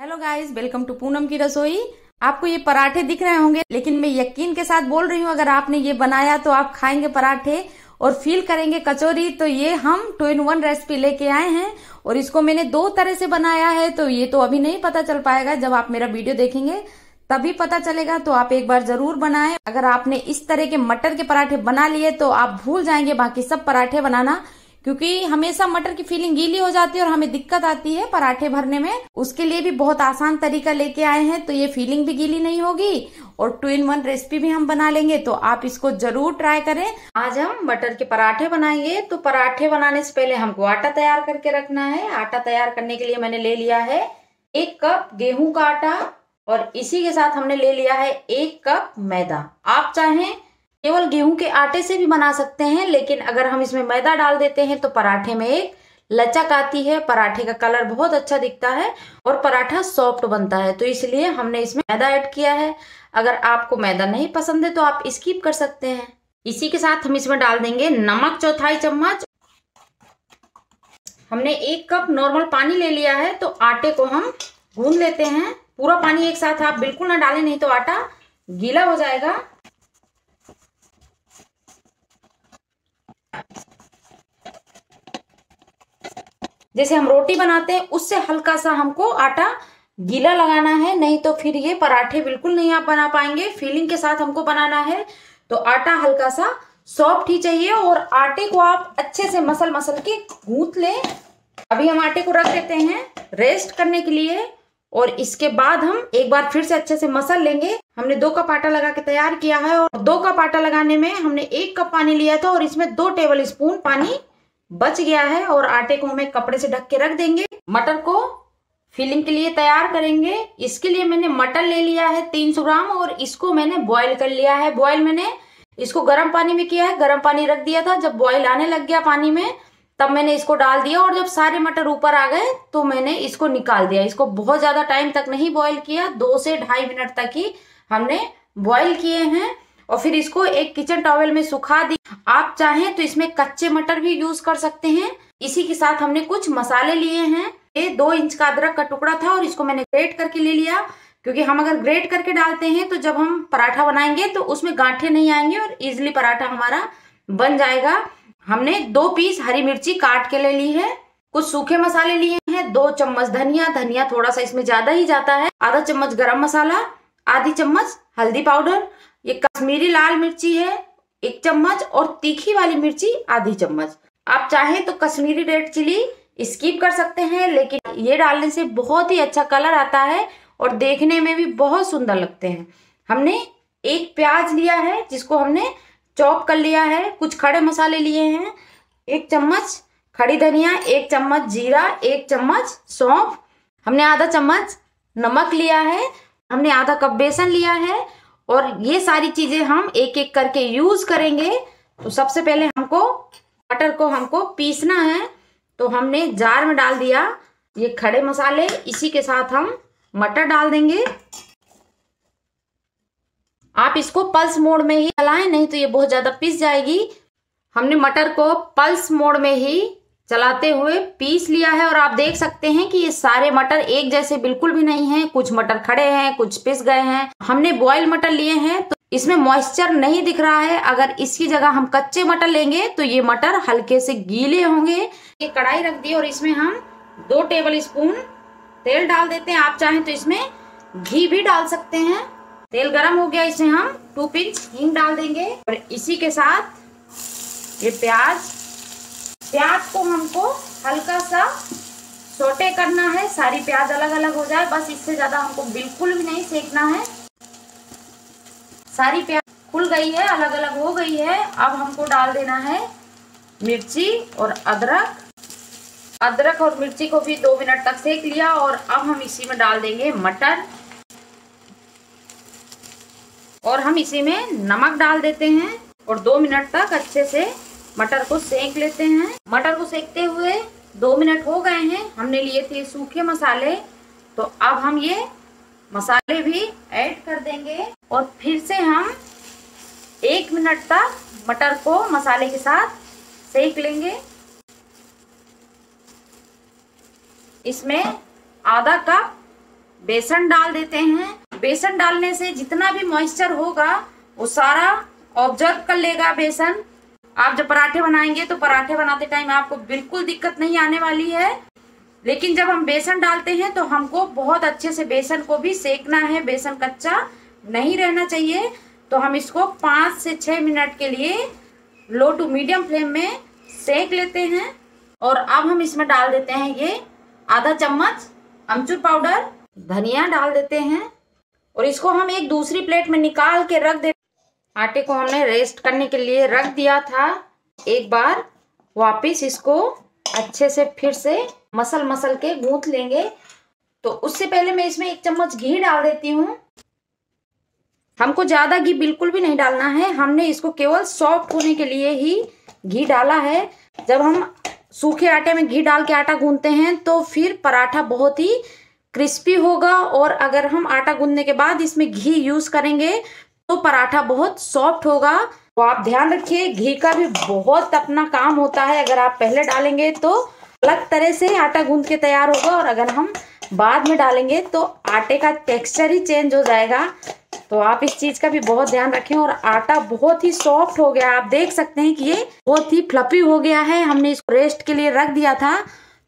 hello guys welcome to Poonam की रसोई आपको ये पराठे दिख रहे होंगे लेकिन मैं यकीन के साथ बोल रही हूँ अगर आपने ये बनाया तो आप खाएंगे पराठे और फील करेंगे कचौरी तो ये हम टू इन वन रेसिपी लेके आए हैं और इसको मैंने दो तरह से बनाया है तो ये तो अभी नहीं पता चल पाएगा जब आप मेरा वीडियो देखेंगे तभी पता चलेगा तो आप एक बार जरूर बनाएं अगर आपने इस तरह के मटर के पराठे बना लिए तो आप भूल जाएंगे बाकी सब पराठे बनाना क्योंकि हमेशा मटर की फीलिंग गीली हो जाती है और हमें दिक्कत आती है पराठे भरने में उसके लिए भी बहुत आसान तरीका लेके आए हैं तो ये फीलिंग भी गीली नहीं होगी और टू इन वन रेसिपी भी हम बना लेंगे तो आप इसको जरूर ट्राई करें आज हम मटर के पराठे बनाएंगे तो पराठे बनाने से पहले हमको आटा तैयार करके रखना है आटा तैयार करने के लिए मैंने ले लिया है एक कप गेहूं का आटा और इसी के साथ हमने ले लिया है एक कप मैदा आप चाहें केवल गेहूं के आटे से भी बना सकते हैं लेकिन अगर हम इसमें मैदा डाल देते हैं तो पराठे में एक लचक आती है पराठे का कलर बहुत अच्छा दिखता है और पराठा सॉफ्ट बनता है तो इसलिए हमने इसमें मैदा ऐड किया है अगर आपको मैदा नहीं पसंद है तो आप स्किप कर सकते हैं इसी के साथ हम इसमें डाल देंगे नमक चौथाई चम्मच हमने एक कप नॉर्मल पानी ले लिया है तो आटे को हम गूंद लेते हैं पूरा पानी एक साथ आप बिल्कुल ना डालें नहीं तो आटा गीला हो जाएगा जैसे हम रोटी बनाते हैं उससे हल्का सा हमको आटा गीला लगाना है नहीं तो फिर ये पराठे बिल्कुल नहीं आप बना पाएंगे फीलिंग के साथ हमको बनाना है तो आटा हल्का सा सॉफ्ट ही चाहिए और आटे को आप अच्छे से मसल मसल के गूंथ लें अभी हम आटे को रख देते हैं रेस्ट करने के लिए और इसके बाद हम एक बार फिर से अच्छे से मसल लेंगे हमने दो कप आटा लगा के तैयार किया है और दो कप आटा लगाने में हमने एक कप पानी लिया था और इसमें दो टेबल स्पून पानी बच गया है और आटे को हमें कपड़े से ढक के रख देंगे मटर को फिलिंग के लिए तैयार करेंगे इसके लिए मैंने मटर ले लिया है 300 ग्राम और इसको मैंने बॉईल कर लिया है बॉईल मैंने इसको गर्म पानी में किया है गर्म पानी रख दिया था जब बॉईल आने लग गया पानी में तब मैंने इसको डाल दिया और जब सारे मटर ऊपर आ गए तो मैंने इसको निकाल दिया इसको बहुत ज़्यादा टाइम तक नहीं बॉईल किया दो से ढाई मिनट तक ही हमने बॉईल किए हैं और फिर इसको एक किचन टॉवेल में सुखा दी आप चाहें तो इसमें कच्चे मटर भी यूज कर सकते हैं इसी के साथ हमने कुछ मसाले लिए हैं ये दो इंच का अदरक का टुकड़ा था और इसको मैंने ग्रेट करके ले लिया क्योंकि हम अगर ग्रेट करके डालते हैं तो जब हम पराठा बनाएंगे तो उसमें गांठे नहीं आएंगे और इजिली पराठा हमारा बन जाएगा हमने दो पीस हरी मिर्ची काट के ले ली है कुछ सूखे मसाले लिए हैं दो चम्मच धनिया धनिया थोड़ा सा इसमें ज्यादा ही जाता है आधा चम्मच गरम मसाला आधी चम्मच हल्दी पाउडर ये कश्मीरी लाल मिर्ची है एक चम्मच और तीखी वाली मिर्ची आधी चम्मच आप चाहें तो कश्मीरी रेड चिली स्किप कर सकते हैं लेकिन ये डालने से बहुत ही अच्छा कलर आता है और देखने में भी बहुत सुंदर लगते हैं हमने एक प्याज लिया है जिसको हमने चॉप कर लिया है कुछ खड़े मसाले लिए हैं एक चम्मच खड़ी धनिया एक चम्मच जीरा एक चम्मच सौंफ हमने आधा चम्मच नमक लिया है हमने आधा कप बेसन लिया है और ये सारी चीज़ें हम एक एक करके यूज़ करेंगे तो सबसे पहले हमको मटर को हमको पीसना है तो हमने जार में डाल दिया ये खड़े मसाले इसी के साथ हम मटर डाल देंगे आप इसको पल्स मोड में ही चलाएं नहीं तो ये बहुत ज़्यादा पिस जाएगी हमने मटर को पल्स मोड में ही चलाते हुए पीस लिया है और आप देख सकते हैं कि ये सारे मटर एक जैसे बिल्कुल भी नहीं हैं कुछ मटर खड़े हैं कुछ पिस गए हैं हमने बॉयल मटर लिए हैं तो इसमें मॉइस्चर नहीं दिख रहा है अगर इसकी जगह हम कच्चे मटर लेंगे तो ये मटर हल्के से गीले होंगे ये कढ़ाई रख दी और इसमें हम दो टेबल स्पून तेल डाल देते हैं आप चाहें तो इसमें घी भी डाल सकते हैं तेल गरम हो गया इसे हम टू पिंच हिंग डाल देंगे और इसी के साथ ये प्याज प्याज को हमको हल्का सा सोटे करना है सारी प्याज अलग अलग हो जाए बस इससे ज़्यादा हमको बिल्कुल भी नहीं सेकना है सारी प्याज खुल गई है अलग अलग हो गई है अब हमको डाल देना है मिर्ची और अदरक अदरक और मिर्ची को भी दो मिनट तक सेक लिया और अब हम इसी में डाल देंगे मटर और हम इसी में नमक डाल देते हैं और दो मिनट तक अच्छे से मटर को सेक लेते हैं मटर को सेकते हुए दो मिनट हो गए हैं हमने लिए थे सूखे मसाले तो अब हम ये मसाले भी ऐड कर देंगे और फिर से हम एक मिनट तक मटर को मसाले के साथ सेक लेंगे इसमें आधा कप बेसन डाल देते हैं बेसन डालने से जितना भी मॉइस्चर होगा वो सारा ऑब्जर्व कर लेगा बेसन आप जब पराठे बनाएंगे तो पराठे बनाते टाइम आपको बिल्कुल दिक्कत नहीं आने वाली है लेकिन जब हम बेसन डालते हैं तो हमको बहुत अच्छे से बेसन को भी सेकना है बेसन कच्चा नहीं रहना चाहिए तो हम इसको पाँच से छः मिनट के लिए लो टू मीडियम फ्लेम में सेक लेते हैं और अब हम इसमें डाल देते हैं ये आधा चम्मच अमचूर पाउडर धनिया डाल देते हैं और इसको हम एक दूसरी प्लेट में निकाल के रख दे आटे को हमने रेस्ट करने के लिए रख दिया था एक बार वापस इसको अच्छे से फिर से मसल मसल के गूंथ लेंगे तो उससे पहले मैं इसमें एक चम्मच घी डाल देती हूँ हमको ज़्यादा घी बिल्कुल भी नहीं डालना है हमने इसको केवल सॉफ्ट होने के लिए ही घी डाला है जब हम सूखे आटे में घी डाल के आटा गूंथते हैं तो फिर पराठा बहुत ही क्रिस्पी होगा और अगर हम आटा गूंदने के बाद इसमें घी यूज करेंगे तो पराठा बहुत सॉफ्ट होगा तो आप ध्यान रखिए घी का भी बहुत अपना काम होता है अगर आप पहले डालेंगे तो अलग तरह से आटा गूंद के तैयार होगा और अगर हम बाद में डालेंगे तो आटे का टेक्सचर ही चेंज हो जाएगा तो आप इस चीज़ का भी बहुत ध्यान रखें और आटा बहुत ही सॉफ्ट हो गया आप देख सकते हैं कि ये बहुत ही फ्लफी हो गया है हमने इसको रेस्ट के लिए रख दिया था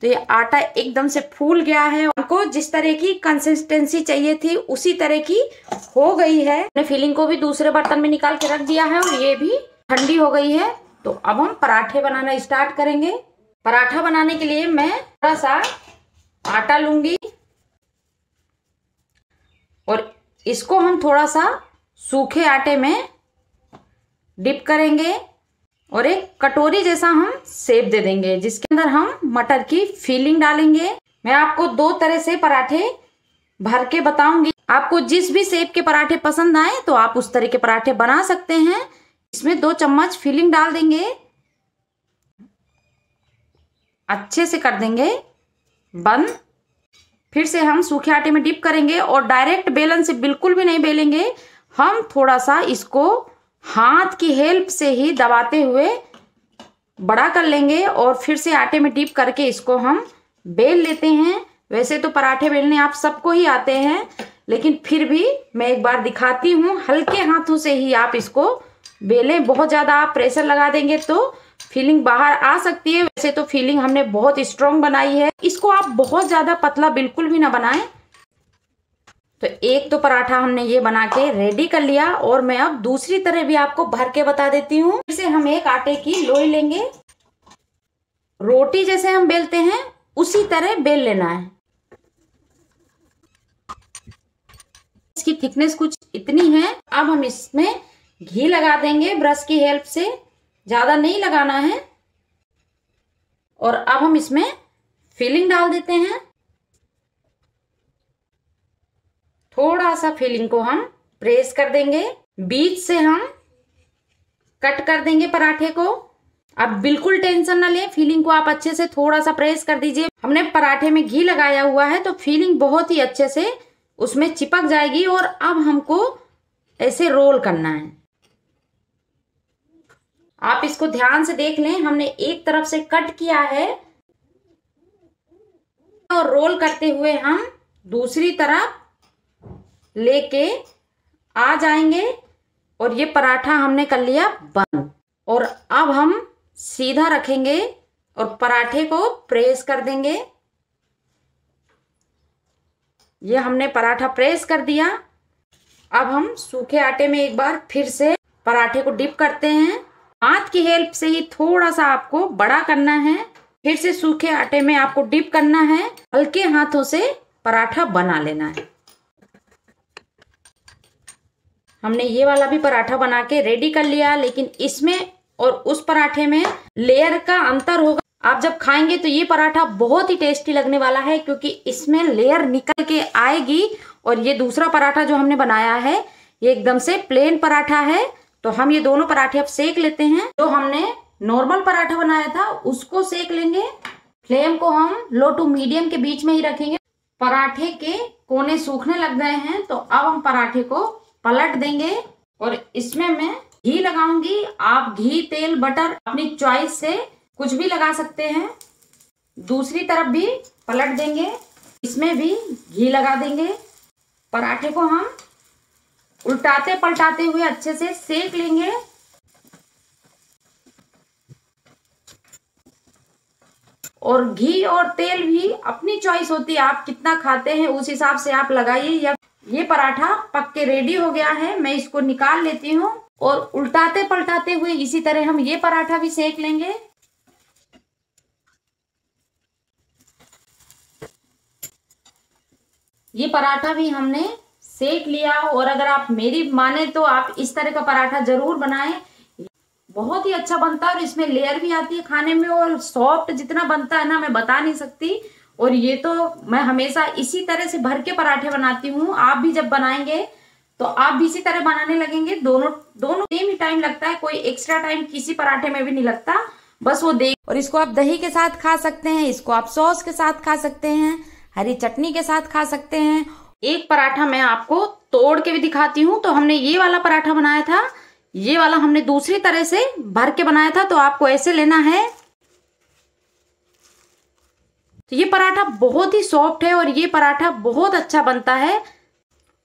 तो ये आटा एकदम से फूल गया है हमको जिस तरह की कंसिस्टेंसी चाहिए थी उसी तरह की हो गई है मैंने फिलिंग को भी दूसरे बर्तन में निकाल के रख दिया है और ये भी ठंडी हो गई है तो अब हम पराठे बनाना स्टार्ट करेंगे पराठा बनाने के लिए मैं थोड़ा सा आटा लूंगी और इसको हम थोड़ा सा सूखे आटे में डिप करेंगे और एक कटोरी जैसा हम सेब दे देंगे जिसके अंदर हम मटर की फीलिंग डालेंगे मैं आपको दो तरह से पराठे भर के बताऊंगी आपको जिस भी सेब के पराठे पसंद आए तो आप उस तरह के पराठे बना सकते हैं इसमें दो चम्मच फीलिंग डाल देंगे अच्छे से कर देंगे बंद फिर से हम सूखे आटे में डिप करेंगे और डायरेक्ट बेलन से बिल्कुल भी नहीं बेलेंगे हम थोड़ा सा इसको हाथ की हेल्प से ही दबाते हुए बड़ा कर लेंगे और फिर से आटे में डीप करके इसको हम बेल लेते हैं वैसे तो पराठे बेलने आप सबको ही आते हैं लेकिन फिर भी मैं एक बार दिखाती हूँ हल्के हाथों से ही आप इसको बेलें बहुत ज़्यादा आप प्रेशर लगा देंगे तो फीलिंग बाहर आ सकती है वैसे तो फीलिंग हमने बहुत स्ट्रांग बनाई है इसको आप बहुत ज़्यादा पतला बिल्कुल भी ना बनाएं तो एक तो पराठा हमने ये बना के रेडी कर लिया और मैं अब दूसरी तरह भी आपको भर के बता देती हूँ फिर से हम एक आटे की लोई लेंगे रोटी जैसे हम बेलते हैं उसी तरह बेल लेना है इसकी थिकनेस कुछ इतनी है अब हम इसमें घी लगा देंगे ब्रश की हेल्प से ज़्यादा नहीं लगाना है और अब हम इसमें फिलिंग डाल देते हैं थोड़ा सा फिलिंग को हम प्रेस कर देंगे बीच से हम कट कर देंगे पराठे को आप बिल्कुल टेंशन ना लें फीलिंग को आप अच्छे से थोड़ा सा प्रेस कर दीजिए हमने पराठे में घी लगाया हुआ है तो फीलिंग बहुत ही अच्छे से उसमें चिपक जाएगी और अब हमको ऐसे रोल करना है आप इसको ध्यान से देख लें हमने एक तरफ से कट किया है और रोल करते हुए हम दूसरी तरफ लेके आ जाएंगे और ये पराठा हमने कर लिया बंद और अब हम सीधा रखेंगे और पराठे को प्रेस कर देंगे ये हमने पराठा प्रेस कर दिया अब हम सूखे आटे में एक बार फिर से पराठे को डिप करते हैं हाथ की हेल्प से ही थोड़ा सा आपको बड़ा करना है फिर से सूखे आटे में आपको डिप करना है हल्के हाथों से पराठा बना लेना है हमने ये वाला भी पराठा बना के रेडी कर लिया लेकिन इसमें और उस पराठे में लेयर का अंतर होगा आप जब खाएंगे तो ये पराठा बहुत ही टेस्टी लगने वाला है क्योंकि इसमें लेयर निकल के आएगी और ये दूसरा पराठा जो हमने बनाया है ये एकदम से प्लेन पराठा है तो हम ये दोनों पराठे अब सेक लेते हैं जो हमने नॉर्मल पराठा बनाया था उसको सेक लेंगे फ्लेम को हम लो टू मीडियम के बीच में ही रखेंगे पराठे के कोने सूखने लग गए हैं तो अब हम पराठे को पलट देंगे और इसमें मैं घी लगाऊंगी आप घी तेल बटर अपनी चॉइस से कुछ भी लगा सकते हैं दूसरी तरफ भी पलट देंगे इसमें भी घी लगा देंगे पराठे को हम उल्टाते पलटाते हुए अच्छे से सेक लेंगे और घी और तेल भी अपनी चॉइस होती है आप कितना खाते हैं उस हिसाब से आप लगाइए या ये पराठा पक के रेडी हो गया है मैं इसको निकाल लेती हूँ और उल्टाते पलटाते हुए इसी तरह हम ये पराठा भी सेक लेंगे ये पराठा भी हमने सेक लिया और अगर आप मेरी माने तो आप इस तरह का पराठा जरूर बनाएं बहुत ही अच्छा बनता है और इसमें लेयर भी आती है खाने में और सॉफ्ट जितना बनता है ना मैं बता नहीं सकती और ये तो मैं हमेशा इसी तरह से भर के पराठे बनाती हूँ आप भी जब बनाएंगे तो आप भी इसी तरह बनाने लगेंगे दोनों दोनों सेम ही टाइम लगता है कोई एक्स्ट्रा टाइम किसी पराठे में भी नहीं लगता बस वो देख और इसको आप दही के साथ खा सकते हैं इसको आप सॉस के साथ खा सकते हैं हरी चटनी के साथ खा सकते हैं एक पराठा मैं आपको तोड़ के भी दिखाती हूँ तो हमने ये वाला पराठा बनाया था ये वाला हमने दूसरी तरह से भर के बनाया था तो आपको ऐसे लेना है तो ये पराठा बहुत ही सॉफ्ट है और ये पराठा बहुत अच्छा बनता है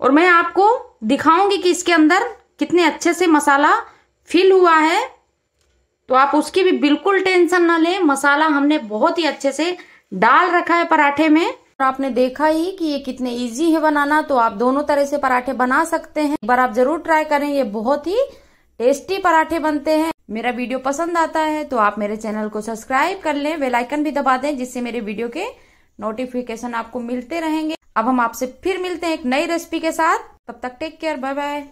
और मैं आपको दिखाऊंगी कि इसके अंदर कितने अच्छे से मसाला फिल हुआ है तो आप उसकी भी बिल्कुल टेंशन ना लें मसाला हमने बहुत ही अच्छे से डाल रखा है पराठे में और आपने देखा ही कि ये कितने इजी है बनाना तो आप दोनों तरह से पराठे बना सकते हैं एक बार आप जरूर ट्राई करें ये बहुत ही टेस्टी पराठे बनते हैं मेरा वीडियो पसंद आता है तो आप मेरे चैनल को सब्सक्राइब कर लें बेल आइकन भी दबा दें जिससे मेरे वीडियो के नोटिफिकेशन आपको मिलते रहेंगे अब हम आपसे फिर मिलते हैं एक नई रेसिपी के साथ तब तक टेक केयर बाय बाय